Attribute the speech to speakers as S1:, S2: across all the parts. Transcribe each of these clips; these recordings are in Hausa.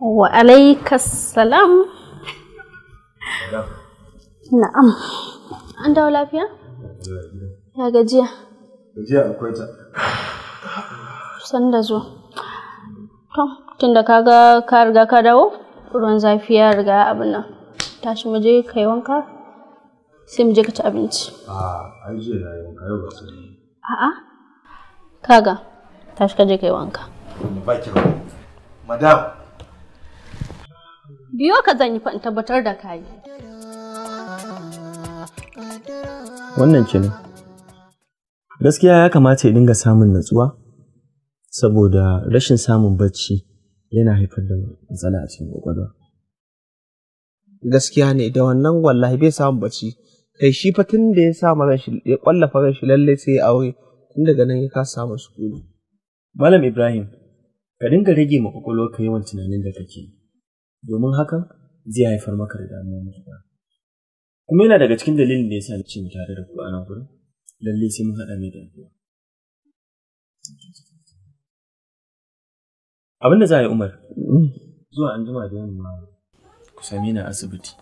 S1: Wa alaikassalam. Na'am. An dawo lafiya? Ya gajiya.
S2: Gajiya akwai ta.
S1: San da zo. Tom, tunda kaga ka riga ka dawo, ruwan zafi ya riga abin nan. Tashi mu je yi wanka. Sai mu je ka ci abinci.
S3: A, je na wanka yau ba sai.
S1: A'a. Kaga, tashi ka je wanka.
S2: Ba ki Madam,
S1: biyo ka zan yi fa in tabbatar da kayi
S2: wannan ce ne. gaskiya ya kamata ya dinga samun natsuwa saboda rashin samun bacci yana haifar da matsala
S1: a cikin kwakwalwa
S2: gaskiya ne da wannan wallahi bai samun bacci kai shi fa tun da ya sa mazan ya kwallafa ran shi lalle sai ya aure tun daga nan ya kasa samun sukuni malam ibrahim ka dinga rage ma kwakwalwa ka yawan tunanin da kake domin hakan zai haifar maka da damuwa matuƙa. Kuma yana daga cikin dalilin da ya sa ni ce mu tare da ku a nan gurin, lalle sai mun haɗa mai da addu'a.
S1: Abin da za a yi Umar, zuwa an jima da yamma ku same ni a asibiti.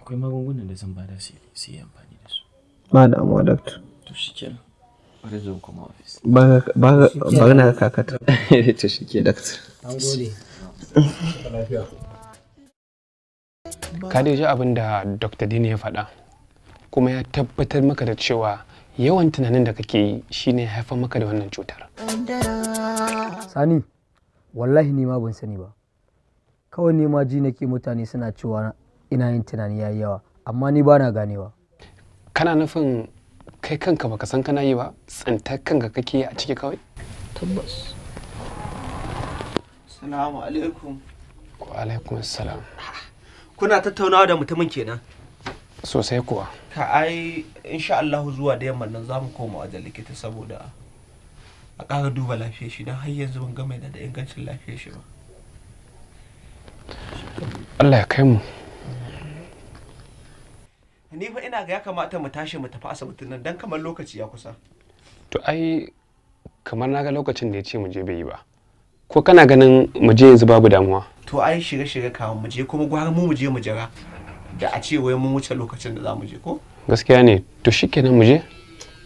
S1: Akwai magungunan da zan bada
S2: sai yi amfani da su. Ba damuwa, Doctor. To shi kenan. Bari zan koma ofis. Ba na kakata. To shi ke, Doctor. An gode. Lafiya. ka dai ji abin da dr dini ya faɗa kuma ya tabbatar maka da cewa yawan tunanin da kake yi shine haifar maka da wannan cutar sani wallahi ni ma ban sani ba kawai ne ma ji nake mutane suna cewa ina yin tunani yayi yawa amma ni ba na ganewa kana nufin kai kanka baka san kana yi ba tsinta kanka kake a ciki kawai tabbas salamu alaikum wa alaikum salam ah. kuna tattaunawa da mutumin kenan sosai kuwa ka ai insha Allah zuwa da yamma nan zamu koma wajen likita saboda a ƙara duba lafiyar shi don har yanzu ban gama da ingancin lafiyar shi ba Allah ya kai mu ni fa ina ga ya kamata mu tashi mu tafi asibitin nan dan kamar lokaci ya kusa to ai kamar naga lokacin da ya ce mu je bai yi ba ko kana ganin mu je yanzu babu damuwa to ai shiga shiga kawo mu je kuma gwara mu mu je mu jira da a ce wai mun wuce lokacin da za mu je ko gaskiya ne to shikenan mu je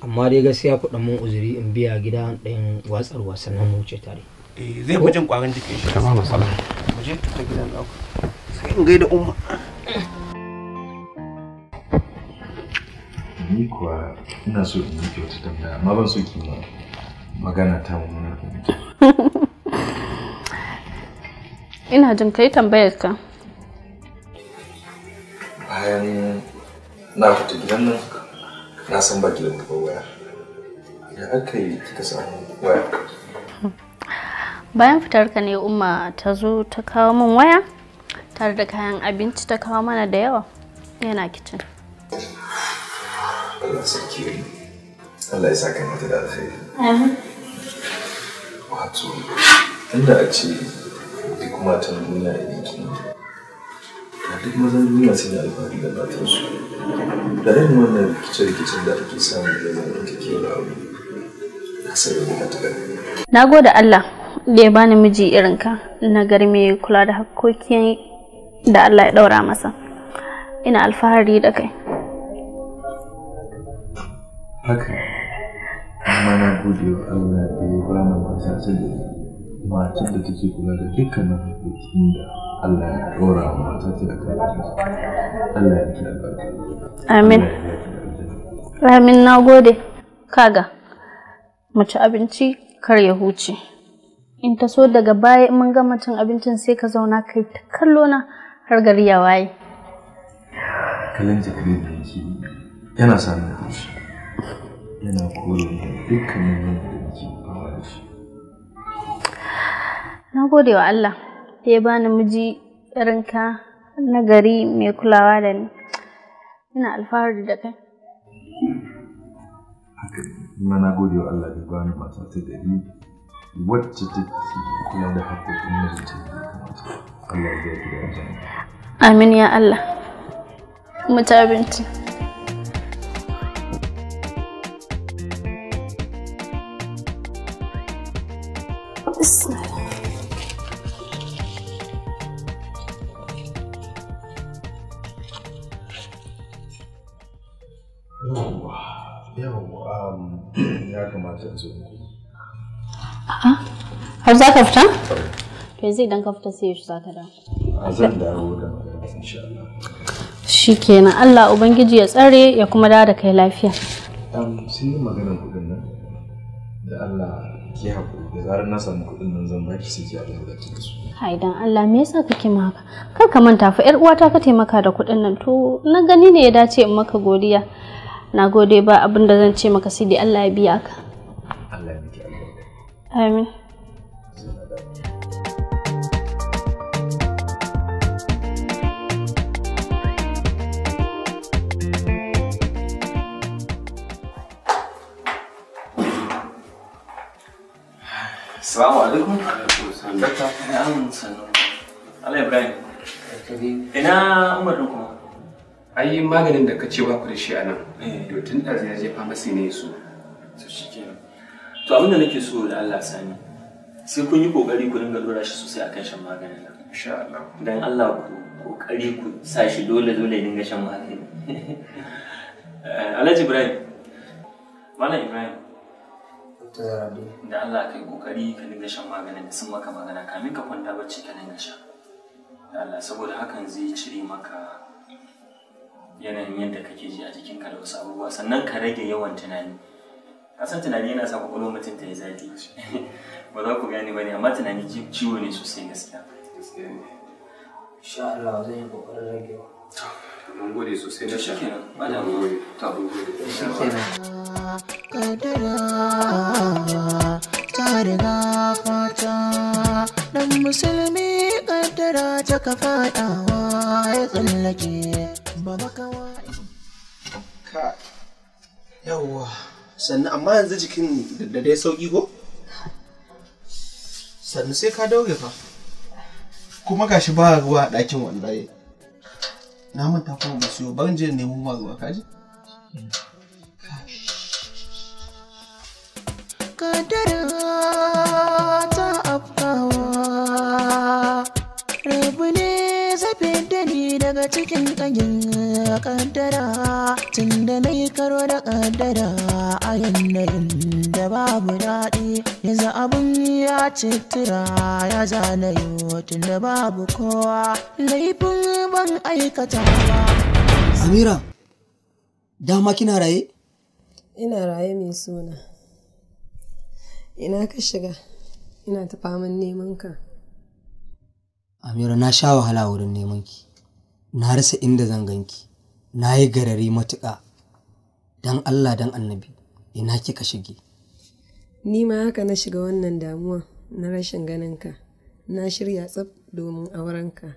S2: amma dai gaskiya kuɗin mun uzuri in biya gida ɗin watsar wasannin mu wuce tare eh zai fi jin kwarin jiki shi ba masala mu je ta gidan ɗauka sai in gaida umma
S3: ni kuwa ina so in yi kyautu tambaya amma ban so ki magana ta mu na fahimta
S1: ina jin kai tambayar ka bayan na fita gidan nan na san ba gidan ba waya ya aka yi kika samu waya bayan fitar ka ne umma ta zo ta kawo min waya tare da kayan abinci ta kawo mana da yawa yana kicin
S3: Allah sarki Allah ya saka mata da
S1: alheri
S2: wato inda a ce kuma ta duniya idan ki da duk mazan duniya sun yi alfahari da matansu
S3: da irin wannan rikice-rikicen da ake samu da da aure na sai
S1: da ta na gode Allah da ya bani miji irin ka na gari mai kula da hakokin da Allah ya daura masa ina alfahari da kai haka amma na gode wa Allah da ya bani mata ta matar da take kula da dukkanin haƙoƙin da Allah ya ɗora wa mata ta da kai Allah ya ki amin amin na gode kaga mace abinci kar ya huce in ta so daga baya mun gama cin abincin sai ka zauna kai ta kallo na har gari ya waye
S2: kallon jikari da yake
S3: yana samun hushi yana koyo dukkanin dukkanin
S1: na gode wa Allah da ya bani miji irin na gari mai kulawa da ni ina alfahari da kai
S2: ina na gode wa Allah da ya bani mata
S3: ta gari wacce take kula da haƙoƙin mijinta da kamata
S1: Allah ya biya ki da Amin ya Allah. Mutabinci. har za ka fita? to zai dan ka fita sai yaushe za ka dawo a zan dawo da insha Allah shikenan Allah ubangiji ya tsare ya kuma dawo da kai lafiya
S3: um sun yi maganar kudin nan da Allah ki haƙuri er da zarar na samu kuɗin nan zan baki sai ki Allah da ki su
S1: hai dan Allah me yasa kake ma kar ka manta fa yar uwata ka taimaka da kuɗin nan to na gani ne ya dace in maka godiya na gode ba abin da zan ce maka sai dai Allah ya biya ka Allah ya miki albarka amin
S2: Assalamu alaikum. Dakta, ina amin sannu. ala Ibrahim. Ina umarnin kuma? Ai maganin da ka ce ba ku da shi a nan. Eh. To tun da zai je famasi ne su. To shikenan. To abin da nake so da Allah sani. Sai kun yi kokari ku dinga dora shi sosai akan shan maganin nan. Insha Allah. Dan Allah ku kokari ku sa shi dole dole dinga shan maganin. Eh, Alhaji Ibrahim. Malam Ibrahim. da Allah kai kokari ka dinga shan maganin da sun maka magana kamin ka kwanta bacci ka dinga sha da Allah saboda hakan zai cire maka yanayin yadda kake ji a jikin ka da wasu abubuwa sannan ka rage yawan tunani kasan tunani yana sa kwakwalwar mutum ta yi zafi ba za ku gane ba ne amma tunani ciwo ne sosai gaskiya insha Allah zan yi kokarin ragewa mun gode sosai na sha ba da mun gode
S3: kaddara ta riga fata dan musulmi kaddara ta ka fadawa ya tsallake ba ka
S2: yawwa sannan amma yanzu jikin da dai sauki ko sannan sai ka dauke fa kuma gashi ba ruwa a ɗakin wallahi na manta kuma ba su yau ban je nemo ma ruwa kaji
S3: kadara ta afkawa rabu ne zafi da ni daga cikin ƙagen kadara tun da na yi karo da kadara a yanayin da babu daɗi yanzu abin ya citira ya zana tun da babu kowa laifin ban aikata ba
S2: amira dama kina raye
S1: ina raye mai suna
S3: Ina ka shiga? Ina ta faman neman ka.
S2: Amira na sha wahala wurin neman ki. Na rasa inda zan ganki. Na yi garari matuƙa. Dan Allah dan Annabi, ina kika shige? Ni
S3: ma haka na shiga wannan damuwa na rashin ganin ka. Na shirya tsaf domin
S1: aurenka.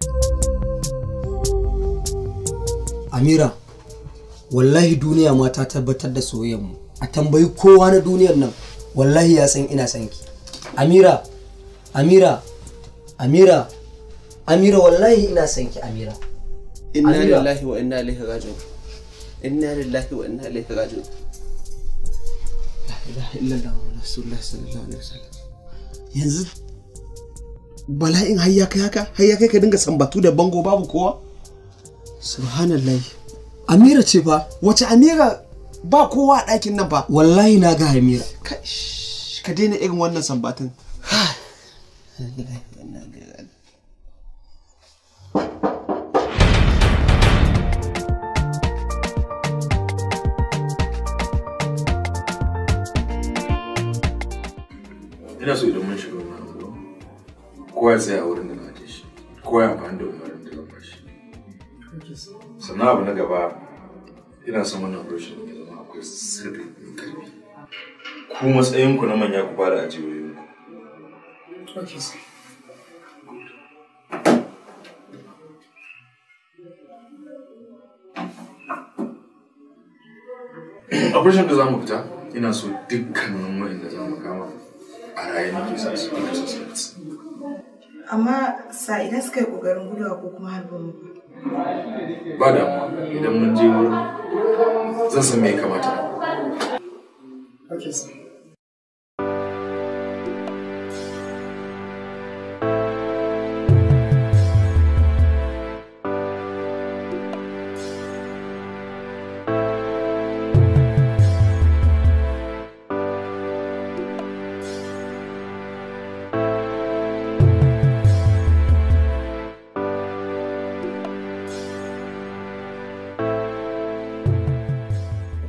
S2: Amira, wallahi duniya ma ta tabbatar da soyayyarmu. A tambayi kowa na duniyar nan. wallahi ya san ina san ki amira amira amira amira wallahi ina san ki amira inna lillahi wa inna ilaihi raji'un inna lillahi wa inna ilaihi raji'un la ilaha illallah wa rasulullah sallallahu alaihi wasallam yanzu bala'in har ya kai haka har ya kai ka dinga sambatu da bango babu kowa subhanallahi amira ce fa wace amira ba kowa a ɗakin nan ba wallahi na ga hamira ka daina irin wannan sambatan ina so idan mun shiga wani abu kowa ya tsaya a wurin da na ajiye shi kowa ya amfani da umarin da zan bashi sannan abu na gaba
S3: ina son wannan shi ne. ku sirri mai ku matsayinku na manya ku fara ajiyoyinku
S2: okay sir da za mu fita ina so dukkanin wayan da za mu kama a raye na sa su duka
S3: amma sa idan suka yi
S2: kokarin gudawa ko kuma harbin mu
S1: ba idan mun je wurin zan san me kamata.
S2: Okay,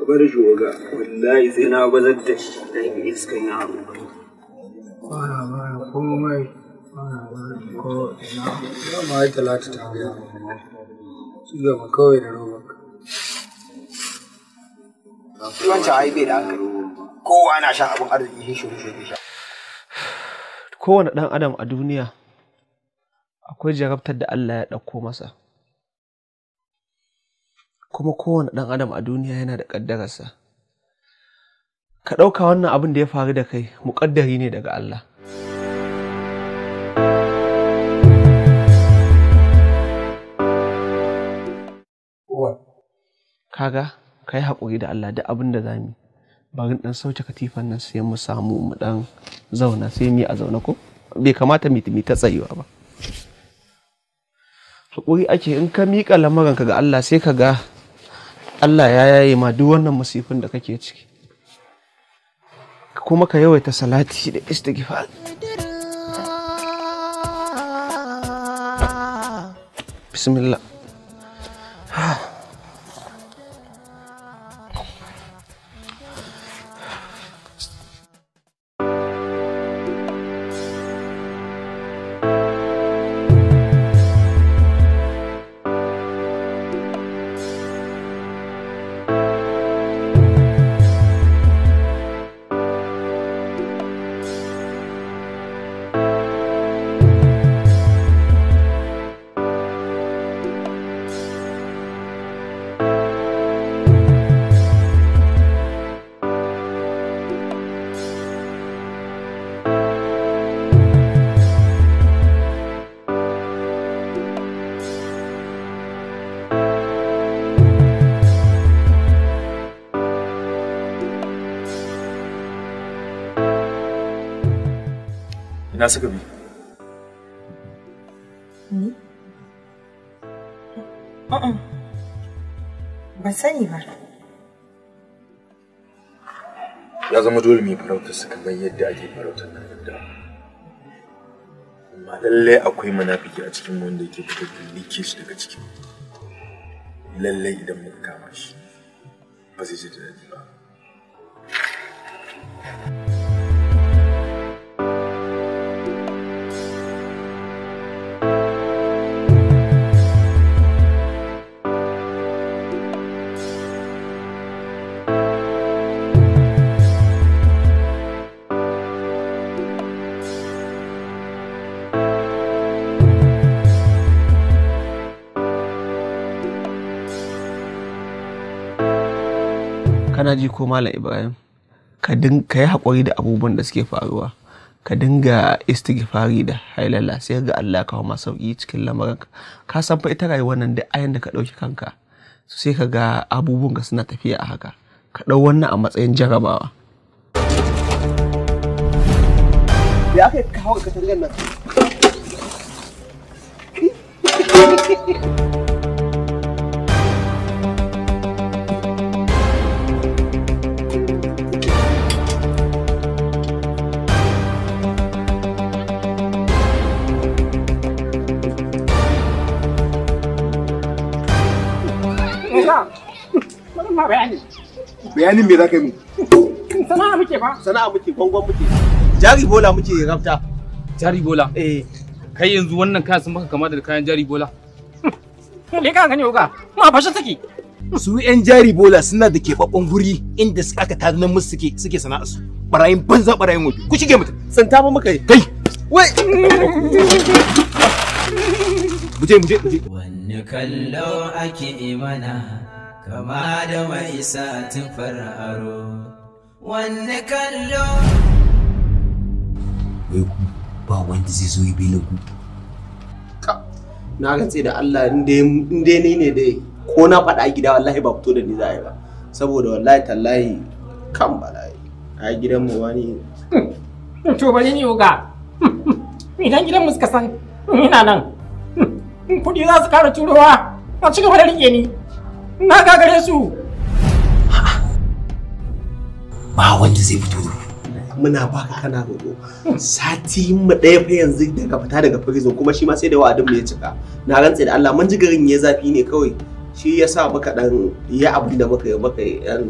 S2: ka bar shi waga wallahi sai na bazar da shi dan iskan yaro
S1: fara mara komai fara mara ko ina ya ma yi talata ta biya su gaba kawai da roba
S2: wancan ai da hankali kowa na shan abin arziki shi shuru shuru sha kowane ɗan adam a duniya akwai jarabtar da Allah ya ɗauko masa kuma kowane ɗan adam a duniya yana da ƙaddararsa ka ɗauka wannan abin da ya faru da kai muƙaddari ne daga Allah kaga ka yi haƙuri da Allah da abin da za mu bari ɗan sauke katifan nan sai mu samu mu ɗan zauna sai mu a zaune ko bai kamata mu ta tsayuwa ba haƙuri ake in ka miƙa lamuranka ga Allah sai ka ga Allah ya yaye ma duk wannan masifin da kake ciki kuma ka yawaita salati da istighfar bismillah ah. na suka bi ni
S3: ban sani ba ya zama dole
S2: mai farautar su kamar yadda ake farautar nan da amma lallai akwai munafiki a cikin wanda yake fitar da leakage daga cikin lallai idan muka kama shi ba zai ji daɗi ba kana ji ko malam ibrahim ka yi haƙuri da abubuwan da suke faruwa ka dinga istighfari da hailala sai ga Allah ka kuma sauki cikin lamarin ka san fa ita rayuwar nan da ayan da ka ɗauki kanka sai ka ga abubuwan ka suna tafiya a haka ka dau wannan a matsayin jarabawa ya kai ka hawa tangan nan bayani. Bayanin me za ka yi mu? Sana'a muke ba. Sana'a muke gwangwan muke. Jari bola muke rafta. Jari bola? Eh. Kai yanzu wannan kayan sun maka kama da kayan jari bola. Hmm. Me ka gani uga Ma fashe take. Su 'yan jari bola suna da keɓaɓɓen guri inda aka tazunan musu suke suke sana'a su. Barayin banza barayin waje. Ku shige mutum. Santa ba muka yi. Kai. Wai. buje buje buje
S3: Wanne kallo ake imana kama da mai satin fararo wanne kallo
S2: wai ku ba wanda zai zo yi bela ku na gatse da Allah in dai ni ne dai ko na faɗa gida wallahi ba fito da ni zai yi ba saboda wallahi tallahi kan bala'i a gidan mu wani hmm, to ba ni yoga hmm, idan gidan mu suka san ina nan hmm, kuɗi za su kara turowa a ci gaba da rike ni na gare su ba wanda zai fito da muna baka kana roƙo sati mu ɗaya fa yanzu daga fita daga prison kuma shi ma sai da wa'adin mu ya cika na rantsa da Allah mun ji garin ya zafi ne kawai shi ya sa muka dan ya abin da muka yi muka yi dan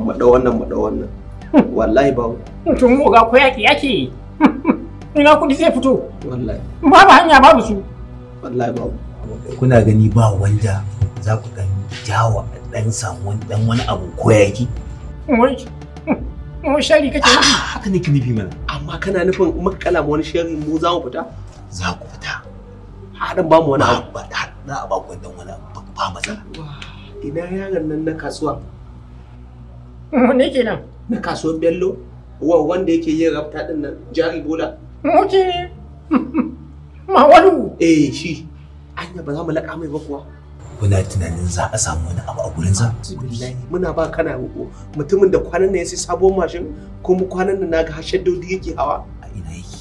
S2: maɗa wannan maɗa wannan wallahi ba to mu ga ko yaki yaki ina kudi zai fito wallahi
S1: babu hanya babu su
S2: wallahi babu kuna gani ba wanda za ku ɗan jawa ɗan samu dan ɗan wani abu ko yaki.
S1: Hmm, wani hmm,
S2: shari kake nufi? Ah, haka nake nufi mana. Amma kana nufin muka kala wani shari mu za mu fita? Za ku fita. Haɗin ba mu wani abu. Ba za a ba ku dan wani abu ba matsala. Ina yaron nan na kasuwa. Hmm, Wane kenan? Na kasuwar Bello. Wanda yake yin rafta ɗin nan jari bola.
S3: Oke.
S2: Mawalu. Eh shi. Anya ba za mu laƙa mai ba kuwa. kuna tunanin za a samu wani abu a gurin sa muna ba kana roƙo mutumin da kwanan nan ya sai sabon mashin kuma kwanan nan naga hashen dodi yake hawa a ina yake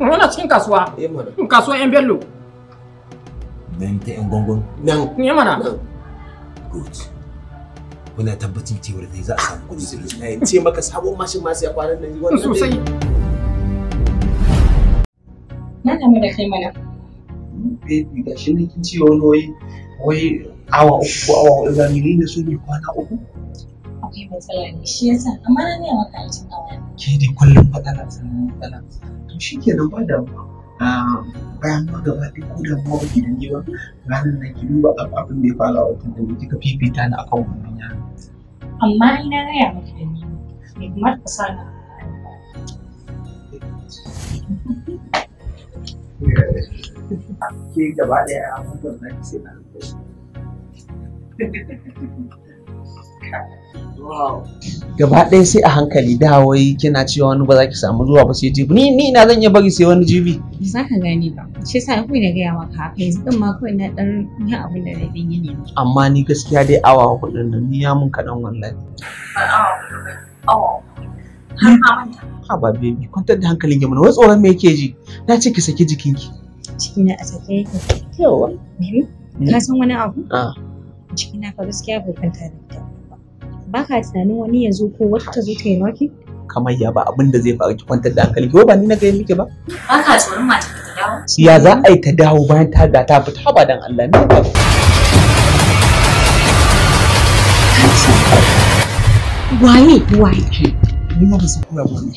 S2: wannan hmm, cikin kasuwa eh, hmm, kasuwa yan bello nan ta yan gongon nan ne eh, mana good kuna tabbacin cewar zai za a samu kuɗi ce maka sabon mashin ma sai a kwanan nan sosai
S1: na damu da kai mana
S2: baby ga shi ne kin ce wani wai wai awa uku awa ga ne so ne kwana uku
S1: akwai matsala ne shi yasa amma na ne maka ajin kawai ke kullum matsala sannan matsala
S2: to shikenan ba damuwa bayan ma gaba ɗaya ko da ma baki ba ranar ki duba abin da ya fara watan da kika fifita ni akan wannan yaro
S1: amma ina gaya maka da ni ne kuma ka sa Yeah. ke gaba ɗaya a abubuwan na sai na
S2: gaba ɗaya sai a hankali da wai kina cewa wani ba za ki samu zuwa ba sai jibi ni ni na zan iya bari sai wani jibi
S1: ba za ka gane ba shi yasa kawai na gaya maka ka yanzu din ma kawai na dan yi abin da zai yi ne
S2: amma ni gaskiya dai awa hudun nan ni ya mun kaɗan wallahi ha ba bebi kwantar da hankalin ki mana wai tsoron me yake ji na ce ki saki jikinki
S1: Cikina na a sake yake yawa mm. ka san wani abu ah. ciki na ka gaskiya bai tarihi da ita ba ka tunanin wani ya zo ko wata ta zo ta yi maki
S2: kamar ya ba abin da zai faru ki kwantar da hankali ko ba ni na ga miki ba
S1: ba ka tsoron
S3: mata ta
S2: dawo ya za a yi ta dawo bayan ta da ta fita ba dan Allah ne ba waye waye ni ma ba su kula ba ne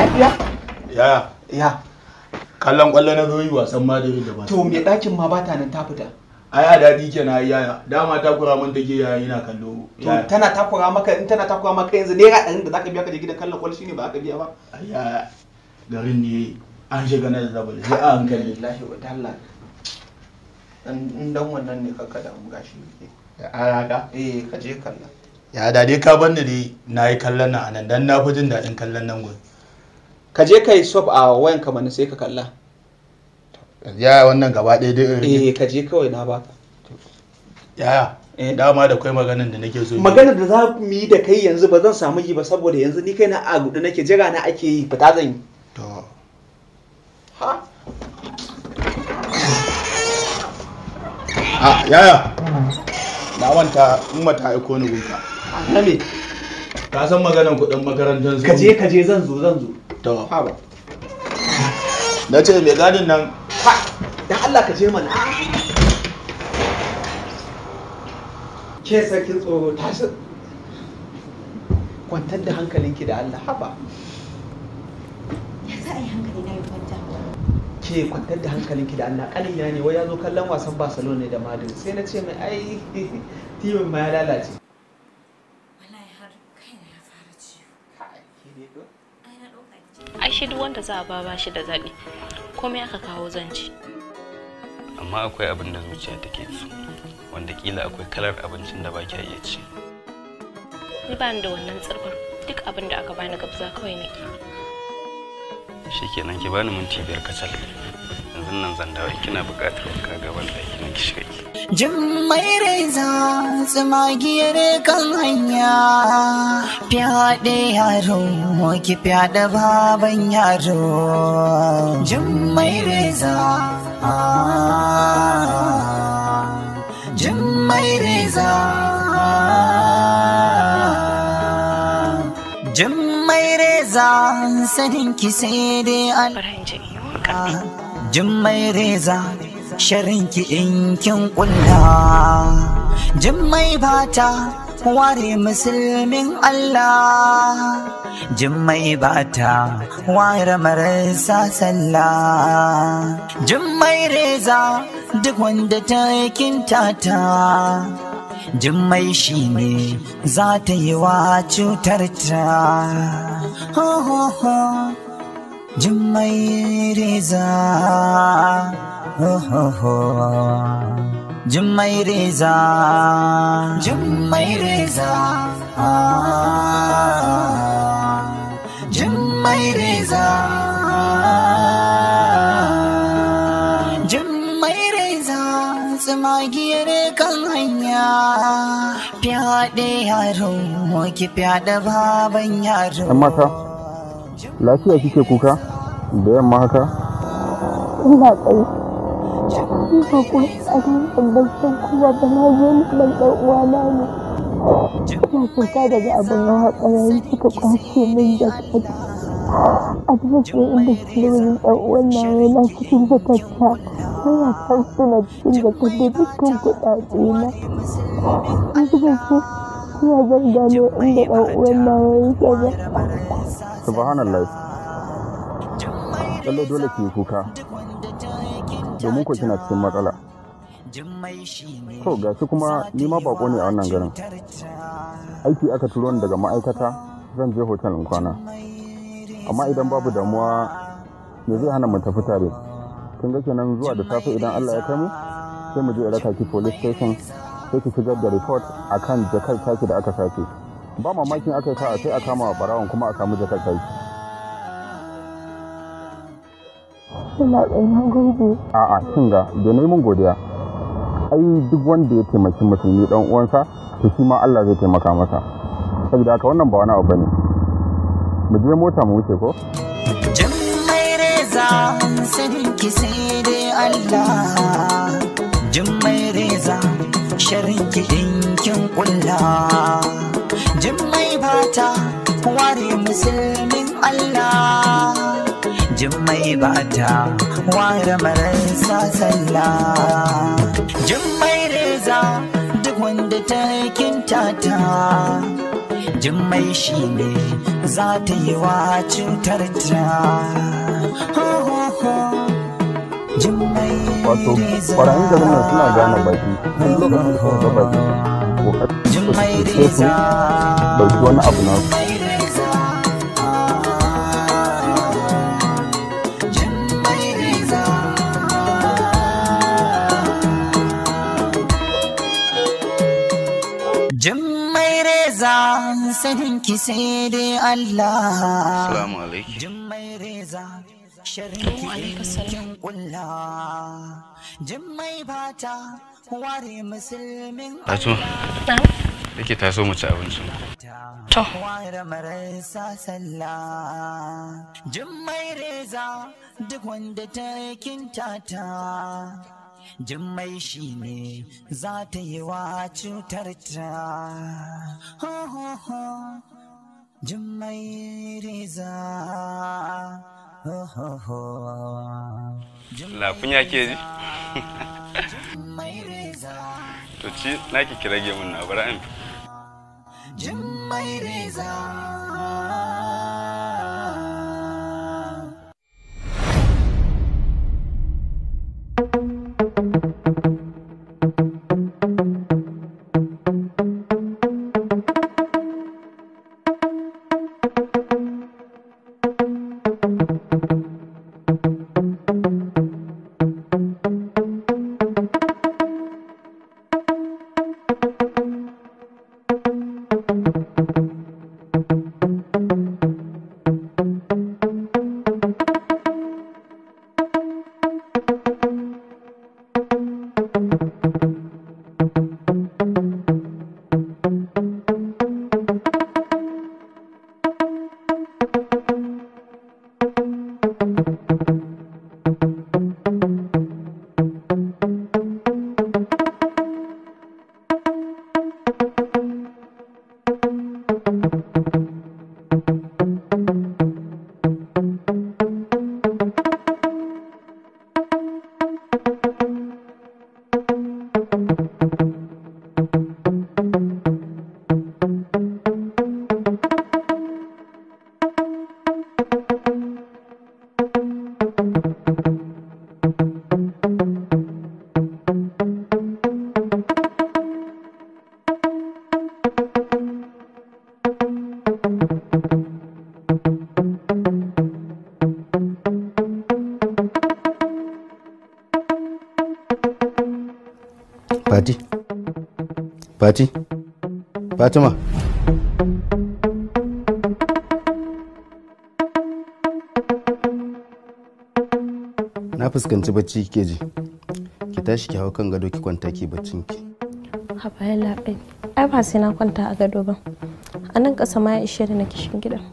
S2: Lafiya? Ya. Ya. Kallon kwallo na zo wasan ma da ba. To me ɗakin ma bata nan ta fita? ai a daɗi kenan yaya dama takura mun take yaya ina kallo to tana takura maka in tana takura maka yanzu naira ɗarin da zaka biya ka je gidan kallon kwallo shine ba ka biya ba ya garin ne an shiga na da zabal sai an hankali lillahi wa ta'ala in dan wannan ne ka kada mu gashi ne a raga eh ka je kallon ya dade ka banni dai nayi kallon nan anan dan na fi jin daɗin kallon nan gurin ka je ka yi a wayan ka mana sai ka kalla ya wannan gaba ɗaya dai eh ka je kawai na baka yaya eh. dama da kai maganar da nake so maganar da za mu yi da kai yanzu ba zan samu yi ba saboda yanzu ni kai na a gudu nake jira na ake yi fita zan yi to ha ah, a yaya na wanta in mata aiko ni gunka na me ka san maganan kuɗin makarantar su kaje kaje zan zo zan zo to ha ba na ce mai gadin nan ha dan Allah ka je mana ke sakin tsoro ta kwantar da hankalinki da Allah haba
S3: ya za a yi hankali na yi
S2: ke kwantar da hankalinki da Allah ya ne wai ya zo kallon wasan Barcelona da Madrid sai na ce mai ai timin ma ya lalace
S1: shi duk wanda za a ba ba shi da zaɓi komai aka kawo zanci amma akwai
S2: abin da zuciya take so wanda kila akwai kalar abincin da baki kya iya ci
S1: ni ba da wannan tsirbar duk abin da aka bani gabza kawai shi shikenan ki bani minti biyar kacal yanzu nan zan dawo kina buƙatar ka ga wanda ki
S3: shiga Jummai reza tsumagiyar kan hanya fyaɗe yaro ki fyaɗe baban yaro Jummai reza ah. Jummai reza ah. Jummai reza sanin ki sai dai Allah Jummai reza sharinki in kin kulla jimmai bata ware musulmin Allah jimmai bata ware marasa sallah jimmai reza duk wanda ta kinta ta jimmai shi ne za ta yi wa cutar ta jimmai reza Jummai Reza Jummai Reza Jummai Reza Jummai Reza Tsumagiyar kan hanya Fyaɗe yaro ki fyaɗe baban yaro Amma
S2: ka lafiya kike kuka da yamma haka?
S1: Ina tsaye ni ba ko tsarin ban san kowa ba na ban dan ne ina fita daga abin hawa ƙarari suka kwace min da kai a duk
S3: da inda ke ne wani uwan na wani yana cikin jakatta yana kan suna cikin jakatta dukkan kuɗaɗe na a zuba su suna zan gano inda ɗan uwan na yake ba
S1: subhanallah
S2: Allah dole ke kuka domin ku kina cikin matsala to ga shi kuma ni ma bako ne a wannan garin aiki aka turo ni daga ma'aikata zan je hotel in kwana amma idan babu damuwa me zai hana mu tafi tare kin ga kenan zuwa da safe idan Allah ya kai mu sai mu je raka ki police station sai ki shigar da report akan jakar taki da aka sace ba mamakin aka yi ka sai a kama barawon kuma a samu jakar taki
S1: Allah ya na gode
S2: a'a cin ga da mun godiya ai duk wanda ya taimaki musulmi dan uwansa to shi ma Allah zai taimaka masa saboda haka wannan ba wani abu bane mu je mota mu wuce ko
S3: reza sarki sai dai Allah reza Sharki dinkin kulla bata ware musulmin Allah Jummai bata ware marasa sallah Jummai reza duk wanda ta kintata Jummai shi ne za ta yi wa cutar ta
S2: Wato, ƙwararrun garin nan suna gane baki, kan lokacin da baki, ko ƙarfi, ko su ɗauki wani abu na su.
S3: ki sai dai Allah assalamu alaikum Tatu,
S1: yake taso mu ci abincin.
S3: To. Jummai reza duk wanda ta kinta ta. Jummai shine ne za ta yi wa cutarta. Jummai Riza.
S2: Lakunya ke ji? To ci na ki kira gemun na bara'in
S3: Jummai Riza.
S1: Fati. Fati. Fatima.
S2: Na fuskanci bacci ke ji. Ki tashi ki hau kan
S1: gado ki kwanta ki baccin ki. Haba ya labai. Ai ba sai na kwanta a gado ba. A nan ƙasa ma ya ishe da na kishin gidan.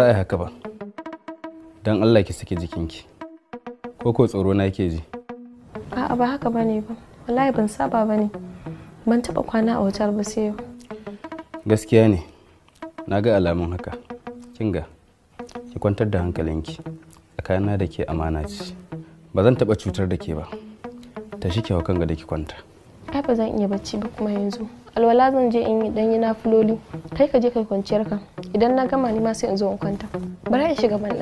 S1: za a yi haka ba don allah ki saki jikinki ko ko tsoro na ke ji a'a ba haka bane ba wallahi ban saba bane ban taba kwana a wutar ba sai yau gaskiya ne na ga alamun haka kinga ki kwantar da hankalinki a kayana da ke amana ce ba zan taba cutar da ke ba ta shi kyau kan ga da ki kwanta ai ba zan iya bacci ba kuma yanzu alwala zan je in dan yi nafiloli kai ka je kai kwanciyar ka idan na gama ni ma sai in zo in kwanta bari in shiga ban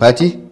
S1: Fati?